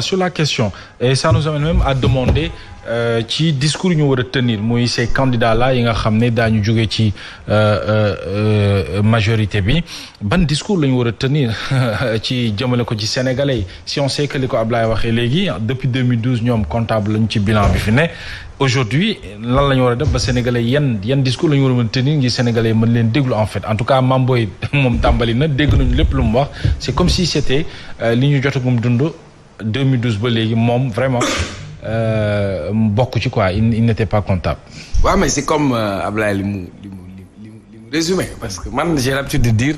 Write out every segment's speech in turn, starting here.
Euh, sur la question et ça nous amène même à demander euh, ci discours ñu retenir moi tenir muy ces candidats là yi nga xam ne daañu euh, euh, euh, majorité bi ban discours nous retenir qui diable tenir ci jëmale ko ci sénégalais si on sait que les ko Ablaye Légui, depuis 2012 nous comptable lañu ci bilan bi fi aujourd'hui lan la ñu war a def ba sénégalais yan yan discours nous retenir war tenir sénégalais mën leen déglu en fait en tout cas Mamboy moom tàmbali na dégg nañu lu mu wax c'est comme si c'était li ñu jotagum dund 2012 ba léegi moom vraiment euh, bokk ci quoi il n'était pas comptable. waaw mais c'est comme euh, Ablaye li mu li mu li mu li mu résumé parce que man ci l'habitude de dire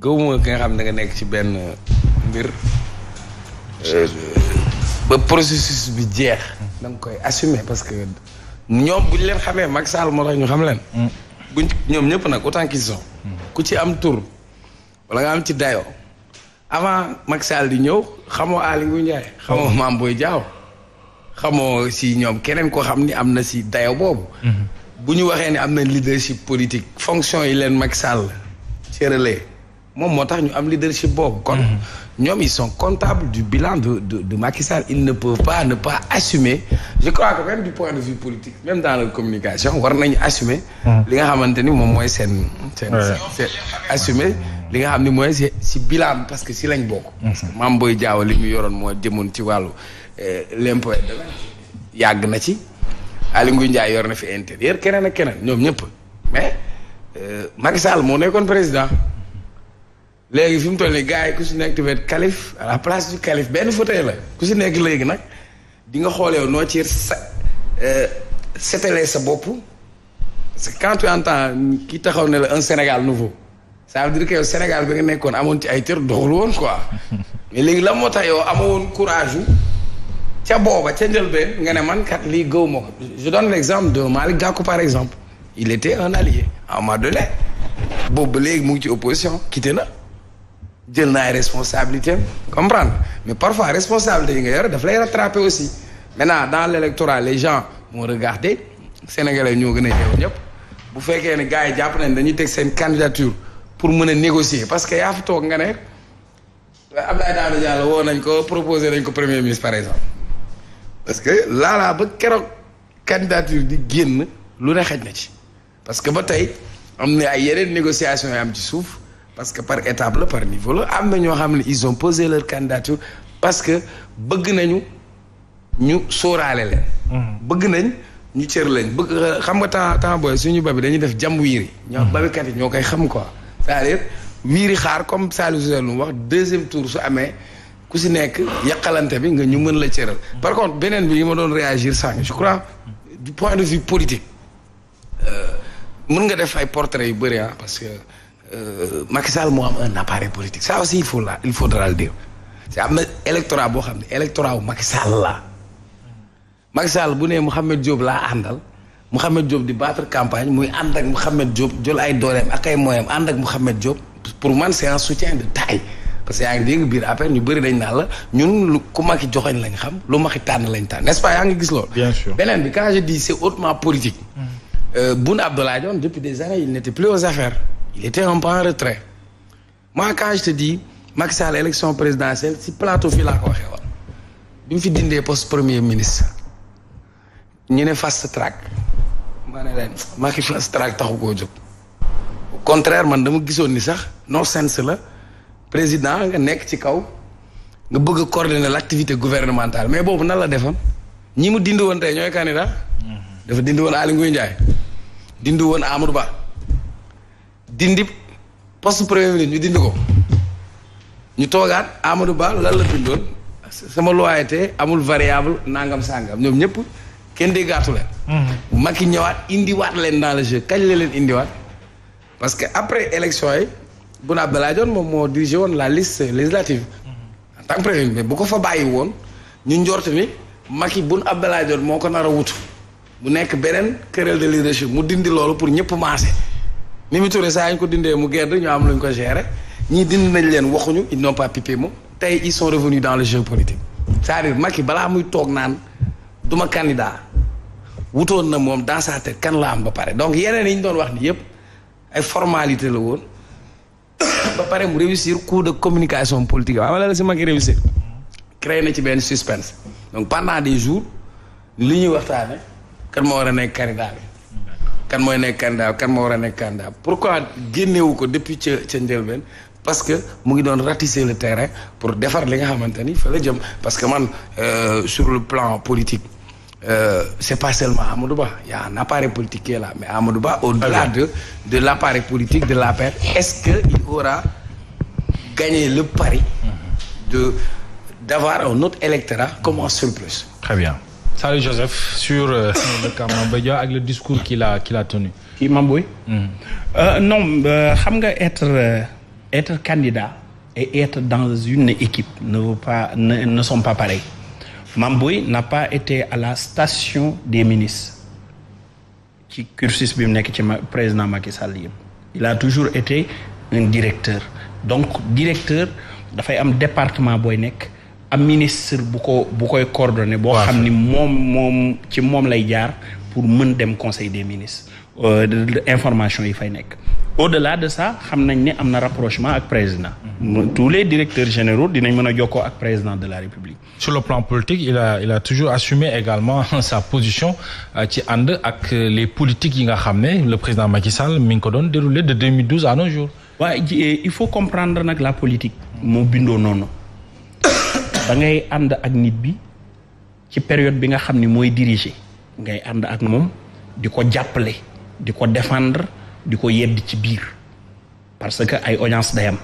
gëwuma ki nga xam ne nga nekk ci benn mbir. Euh, ba processus bi jeex. da koy assumer parce que ñoom buñ ñu leen xamee mag Sall moo tax ñu xam leen. Mm. buñ ñoom ñëpp nag autant qu'ils mm. ku ci am tour wala nga am ci dayo avant Macky Sall di ñëw xamoo Aly Ngouille Ndiaye xamoo Mame Boye Diao xamoo si ñoom keneen ko xam ni am na si dayo boobu mhm. bu ñu waxee ne am na leadership politique fonction yi leen Macky Sall céralee moom moo tax ñu am leadership boobu kon mhm. ils sont comptables du bilan de, de, de Macky Sall ils ne peuvent pas ne pas assumer je crois que même du point de vue politique même dans la communication on va assumer hmm. les nga xamante ni mon moyen c'est assumer les nga xam ni mooy si bilan parce que si lañ bokk hmm. parce que Mame Boye de li mu yoroon moo jëmoon ci wàllu eh, l'impôt yàgg na ci Aly Ngouille Ndiaye yor na fi intérieur keneen ak keneen ñoom mais euh, Macky Sall moo nekkoon président léegi fi mu toll nii gars yi ku si nekk tamit calife à la place du calife benn fauteuil la ku si nekk léegi nag di nga xoolee noo ci sa euh, seetalee sa bopp parce que quand tu entends ki taxaw ne la un Sénégal nouveau ça veut dire que yow Sénégal bi nga nekkoon amoon ci ay cër doxul woon quoi mais léegi la moo tax yow amoon courage yu ca booba ca njëlbeen nga ne man kat lii gëw ma je donne l' exemple de Malick Gakou par exemple il était un allié à un moment donné boobu léegi mu ngi ci opposition quitté na jël une responsabilité comprendre mais parfois responsabilité il nga yore daf lay rattraper aussi maintenant dans l'électorat, les gens vont regarder sénégalais ils vont a yeewu Vous faites fekkee ne gars yi jàpp nañ une teg candidature pour mën négocier parce qu'il y a un nga ne Abdoulaye proposé un premier ministre par exemple parce que là, ba keroog candidature di candidature lu ne xaj na ci parce que ba tey am a ay négociations yi am ci parce que par étape par niveau la am ñoo ils ont posé leur candidature parce que bëgg nañu ñu sóoraale leen. Mhm. bëgg nañ ñu cër lañ bëgg xam nga temps temps boy suñu babi dañuy def jamm wiri ñoo mhm. babikat yi ñokay xam quoi. c'est-à-dire wiri xaar comme Saliou Sow wax deuxième tour su amé ku si nekk yàqalante bi nga ñu mën la cëral. Mhm. par contre beneen bi mo ma doon réagir sànq je crois du point de vue politique euh, mën nga def ay portraits yu bëri ah parce que euh, Macky Sall moo am un appareil politique ça aussi il faut là il faudra le dire c'est am na électorat boo xam électorat Macky Sall laa Macky Sall bu nee Mouhamed Diop la andal Mohamed Diop di battre campagne muy ànd ak Mouhamed Diop jël ay dooleem ak ay moyam ànd ak Mouhamed Diop pour man c'est un soutien de taille parce que yaa ngi dégg biir affaire ñu bëri dañ na la ñun ku Macky joxoñ lañ xam lu Macky tànn lañ tan n'est-ce pas yaa ngi gis lo bien sûr benen bi quand je dis c'est hautement politique. Mm-hmm. Euh, Boun Abdallah Dionne depuis des années il n'était plus aux affaires. Il était un peu en retrait. Moi, quand je te dis, Macky Sall élection présidentielle si plateau fil à ko waxee woon bi mu fi dindee poste premier ministre ñu ne fast track maa ne Macky fast track taxu koo jóg. au contraire man dama gisoon ni sax non sens la président nga nekk ci kaw nga bëgg coordonner l'activité gouvernementale mais on a la defoon ñi mu dindi woon tey ñooy candidat. Mhm. dafa dindi woon Aly Ngouille Ndiaye dindi woon Amadou Ba. dindi poste premier ministre ñu dindi ko ñu toogaat Amadou Ba lan la bindoon sama loyauté amul variable nangam sangam ñoom ñëpp kenn déggaatu leen. Mhm. Macky ñëwaat indiwaat leen dans le jeu kañ la leen indiwaat parce que après élection yi Boun Abdallah Dionne moom moo dirigé woon la liste législative. Mhm. en tant que premier ministre bu ko fa bàyyi woon ñu njort ni Macky Boun Abdallah Dionne moo ko nar a wut. mu nekk beneen querelle de leadership mu dindi loolu pour ñëpp maase. Mimi Touré saa ñu ko dindee mu gedd ñoo am lu ñu ko gérer ñii dind nañ leen waxuñu ils n'ont pas pipé moom tey ils sont revenus dans le jeu politique c'est-à-dire Macky balaa muy toog naan du ma candidat wutoon na moom dans sa kan la am ba pare donc yeneen yi ñu doon wax ni yëpp ay formalité la woon ba pare mu réussir coup de communication politique waaw la si Macky réussir créé na ci benn suspense donc pendant des jours li ñuy waxtaane kan moo war a nekk candidat kan mooy nekk candidat kan moo war a nekk candidat pourquoi génnewu ko depuis ca ca njëlbeen parce que mu ngi doon ratisser le terrain pour defar li nga xamante ni fa la jëm parce que man euh, sur le plan politique euh, c'est pas seulement Amadou Ba y a un appareil politique qui est là mais Amadou Ba au-delà de de l'appareil politique de la paix est-ce que il aura gagné le pari mm-hmm. de d'avoir un autre électorat comme en surplus. Salut Joseph, sur euh, le avec le discours qu'il a, qu'il a tenu. Qui hmm. euh, Non, euh, être, candidat et être dans une équipe ne, pas, ne, sont pas pareils. Mamboui n'a pas été à la station des ministres. Qui cursus président Macky Sall. Il a toujours été un directeur. Donc, directeur, il a fait un département qui un ministre beaucoup coordonné Bo, xam mom mom ci pour dem conseil des ministres euh, information yi fay au-delà de ça il nañ ne un rapprochement avec le président mm-hmm. tous les directeurs généraux dinañ un avec avec le président de la république sur le plan politique il a toujours assumé également sa position euh, ci avec euh, les politiques yi nga le président Macky Sall Minkodon, déroulé de 2012 à nos jours il faut comprendre la politique Mon bindo nono da ngay ànd ak nit bi ci période bi nga xam ni mooy diriger ngay ànd ak moom di ko jàppale di ko défendre di ko yedd ci biir parce que ay audience day am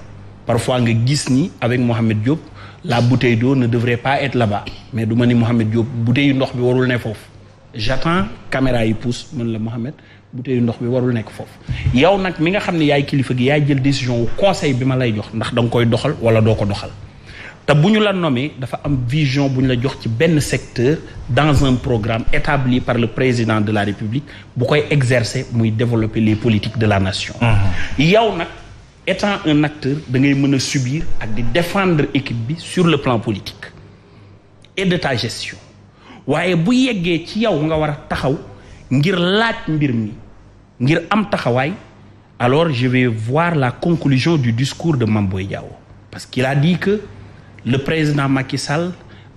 parfois nga gis ni avec Mohamed Diop la bouteille d'eau ne devrait pas être là-bas mais du ma ni Mohamed Diop bouteille yu ndox bi warul ne foofu j'attends caméra yi pousse man la Mohamed bouteille yu ndox bi warul nekk foofu yow nag mi nga xam ne yaay kilifa gi yaay jël décision au conseil bi ma lay jox ndax da nga koy doxal wala doo ko doxal ta buñu la nommé dafa am vision bu la jox secteur dans un programme établi par le président de la république pour exercer muy développer les politiques de la nation mmh. Yaw y étant un acteur da ngay subir ak di défendre équipe sur le plan politique et de ta gestion Waye bu yeggé ci yaw nga wara taxaw ngir am alors je vais voir la conclusion du discours de Mamboy parce qu'il a dit que le président Macky Sall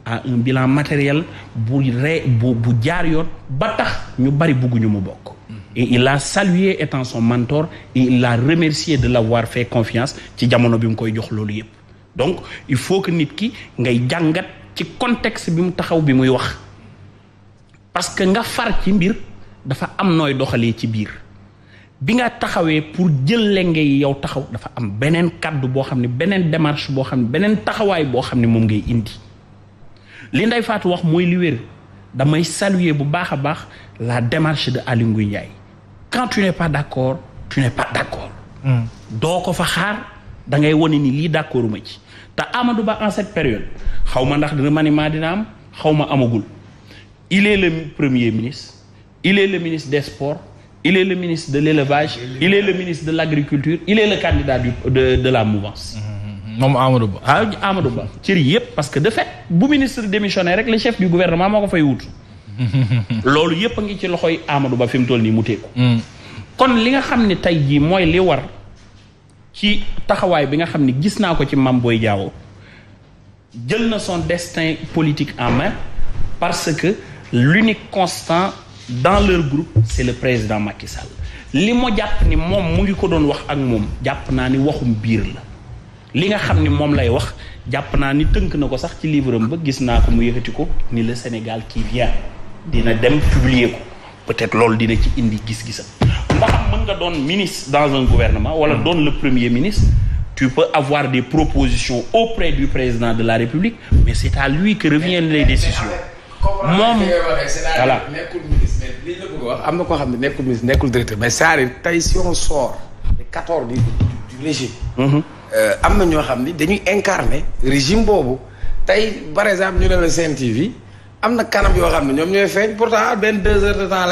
a un bilan matériel bu re bu bu jaar ba tax ñu bari bugguñu mu bokk. et il a salué étant son mentor et il l'a remercié de l'avoir fait confiance ci jamono bi mu koy jox loolu yépp donc il faut que nit ki ngay jàngat ci contexte bi taxaw bi muy wax parce que nga far ci mbir dafa am nooy doxalee ci biir bi nga taxawee pour jël lenge yi yow taxaw dafa am beneen kaddu boo xam ne beneen démarche boo xam ne beneen taxawaay boo xam ne moom ngay indi li Ndeye Fatou wax mooy li wér damay saluer bu baax a baax la démarche de Aly Ngouille Ndiaye quand tu n'es pas d'accord tu n'es pas d'accord hmm. doo ko fa xaar da ngay wane ni lii d'accord ma ci te Amadou Ba en cette période xaw ma ndax remaniement dina am xaw ma amagul il est le premier ministre il est le ministre des sports il est le ministre de l'élevage, il est le ministre de l'agriculture, il est le candidat du, de, de, la mouvance. Mm-hmm, mm-hmm. Ah, parce que de fait bu ministre démissionnaires le chef du gouvernement fay mm-hmm. ngi ci loxoy Amadou Ba fim tol ni mu mm. kon li nga xamni tay ji moy li war ci taxaway bi nga xamni gis ci destin politique en main parce que l'unique constant dans leur groupe c'est le président Macky Sall li mo japp ni mom mu ngi ko doon wax ak mom, japp na ni waxum biir la li nga xamni mom lay wax japp na ni teunk nako sax ci livreum ba gis naa ko mu yëkkati ko ni le Sénégal qui vient dina dem publier ko peut-être loolu dina ci indi gis-gisam ndax mën nga doon ministre dans un gouvernement wala hmm. doon le premier ministre tu peux avoir des propositions auprès du président de la République mais c'est à lui que reviennent les décisions moom voilà I'm la a wax am ne directeur mais ça arrive. si on sort les 14 du du régime. on mhm. euh, na régime par exemple nous, le CNTV, TV a kanam qui est pourtant deux heures de temps à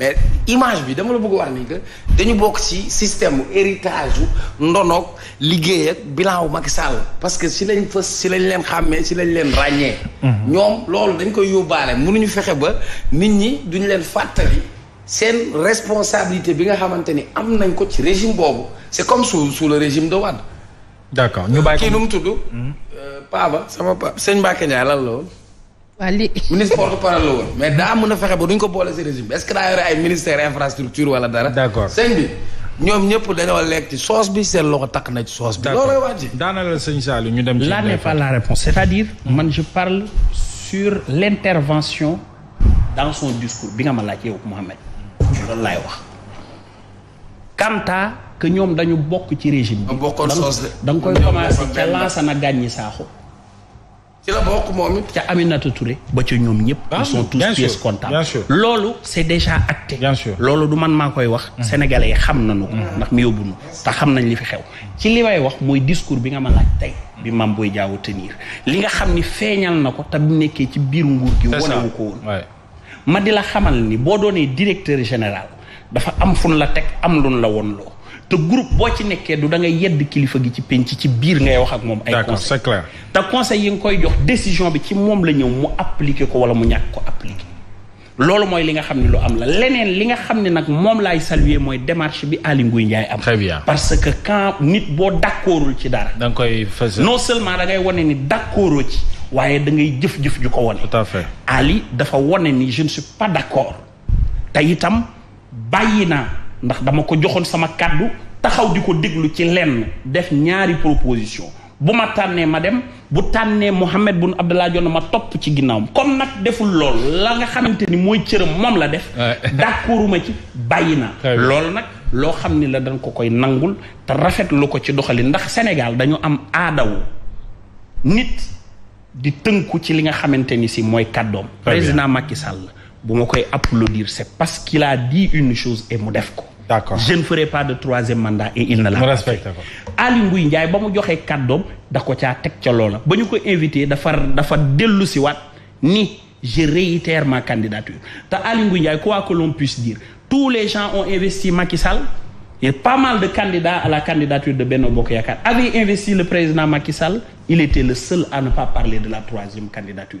mais image bi dama la bëgg wax ni que dañu bok ci système héritage ndonok liguey ak bilan wu Macky Sall parce que si lañ fës si lañ leen xamé si lañ leen ragné mhm. ñom loolu dañ koy yobalé mënuñu fexé ba nit ñi duñ leen fatali sen responsabilité bi nga xamante ni am nañ ko ci régime bobu c'est comme sous sous le régime de Wade d'accord ñu bay ko ki nu mu mhm. euh pa ba sama Paa sëñ Mbacke Ndiaye lan la ministre porte parole mais daa mën a fexe ba duñ ko boole si régime est-ce que daa yore ay ministère infrastructure wala dara. d'accord sëñ bi ñom ñëpp dañoo lekk ci soos bi seen loxo tak na ci soos bi. d'accord looloo wàcc. daanaka seigne Saalum ñu dem. ci là n'est pas la réponse c'est-à-dire hmm. man je parle sur l'intervention dans son discours bi nga ma laaj yow Mouhamed. loolu laay wax. Kanta que ñom dañu bok ci régime bi. bokon soos de koy commencer ca Lansana Gagny saxo ci la bokk moom it. ca Aminata Touré ba ca ñoom ñëpp. Ah, ils sont tous pièces loolu c' est déjà acté. bien loolu du man maa koy wax. Mm. sénégalais xam nañu ko. Mm. ndax mi yóbbu nu te xam nañ li fi xew. ci li may wax mooy discours bi nga ma laaj tey. bi mm. mam booy jaaw tenir li nga xam ni feeñal na ko te bu nekkee ci biir nguur gi. wane ko woon ma di la xamal ni boo doonee directeur général dafa am fun la teg am luñ la won loo te groupe boo ci nekkee du da ngay yedd kilifa gi ci penc ci biir ngay wax ak moom. ay conseil c'est clair. te conseil yi nga koy jox décision bi ci moom la ñëw mu appliquer ko wala mu ñàkk ko appliquer. loolu mooy li nga xam ne lu am la leneen li nga xam ne nag moom laay saluer mooy démarche bi Aly Ngouille Ndiaye am. très bien parce que quand nit boo d'accordul ci dara. da koy fës. non seulement da ngay wane ni d'accordoo ci. waaye dangay ngay jëf-jëf ju ko wane. tout à Ali dafa wane ni je ne suis pas te itam bàyyi naa. ndax dama ko joxoon sama kàddu taxaw di ko déglu ci lenn def ñaari proposition bu ma tànnee ma dem bu tànnee Mohamed bun Abdallah Dionne ma topp ci ginnaawam comme nag deful loolu la nga xamante ni mooy cëram moom la def d'accorduma ci bàyyi naa loolu nag loo xam ni la dañ ko koy nangul te rafetlu ko ci doxali ndax Sénégal dañu am aadawu nit di tënku ci li nga xamante ni si mooy kàddoom président Macky Sall bu applaudir c'est parce qu'il a dit une chose et mu d'accord je ne ferai pas de troisième mandat et il ne l'a pas fait Aly Ngouille Ndiaye ba a joxee kàddoom hommes, ko caa teg ca loola ba ñu ko invité dafa dafa ni je réitère ma candidature te Ali Ngui Ndiaye quoi que l'on puisse dire tous les gens ont investi Macky Sall a pas mal de candidats à la candidature de Benno Bokoyakar. Yakaar avait investi le président Macky Sall il était le seul à ne pas parler de la troisième candidature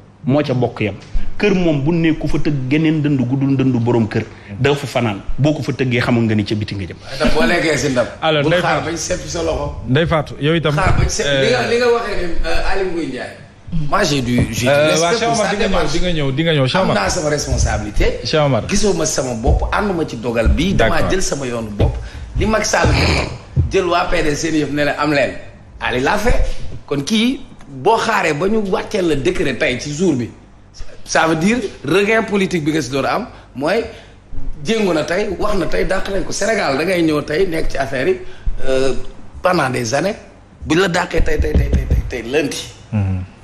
moo ca bokk yam kër moom bu ne ku fa tëgg geneen dënd guddul dëndu boroom kër da fu fanaan boo ko fa tëggee xamul nga ni ca biti nga jëm. boo nekkee si ndam. alors day xaar bañ sepp euh, euh, euh, sa loxo. day faatu yow nga sa démarche di ñëw di nga ñëw am naa sama responsabilité. Cheikh Omar ma sama bopp ànd ma ci dogal bii. damaa jël sama yoonu bopp. li Macky Sall jël waa PDS seen yëpp ne la am leen Ali laa fe kon kii Bon, xaaree décret ça veut dire regain politique bi nga ci am Sénégal affaire euh, pendant des années bu la mm-hmm.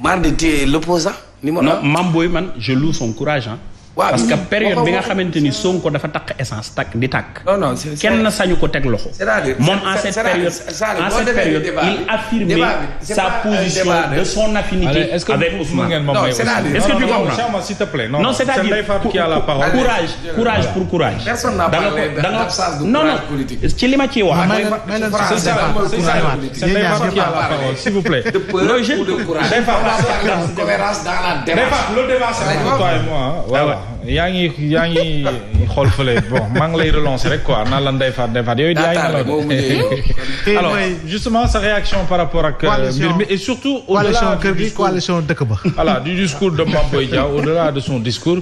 mardi tu l'opposant non je loue son courage hein. waaw parce que période bi nga xamante ni Sonko dafa takk essence takk di takk. non non kenn sañu ko teg loxo. c'est-à-dire moom en cette période en cette période il affirmait sa position de son affinité avec Ousmane. courage courage pour courage. personne n'a parlé non non ci li ma ciy wax. yaa ngi yaa ngi xool fële bon maa ngi lay relancer rek quoi naan la Ndeye Fatou Ndeye Fatou yooyu. yaa ngi nelaw alors justement sa réaction par rapport ak. Euh, mbir mi et surtout. au delà coalition kër gi coalition dëkk ba. voilà du discours de Mame Boye Diao au delà de son discours.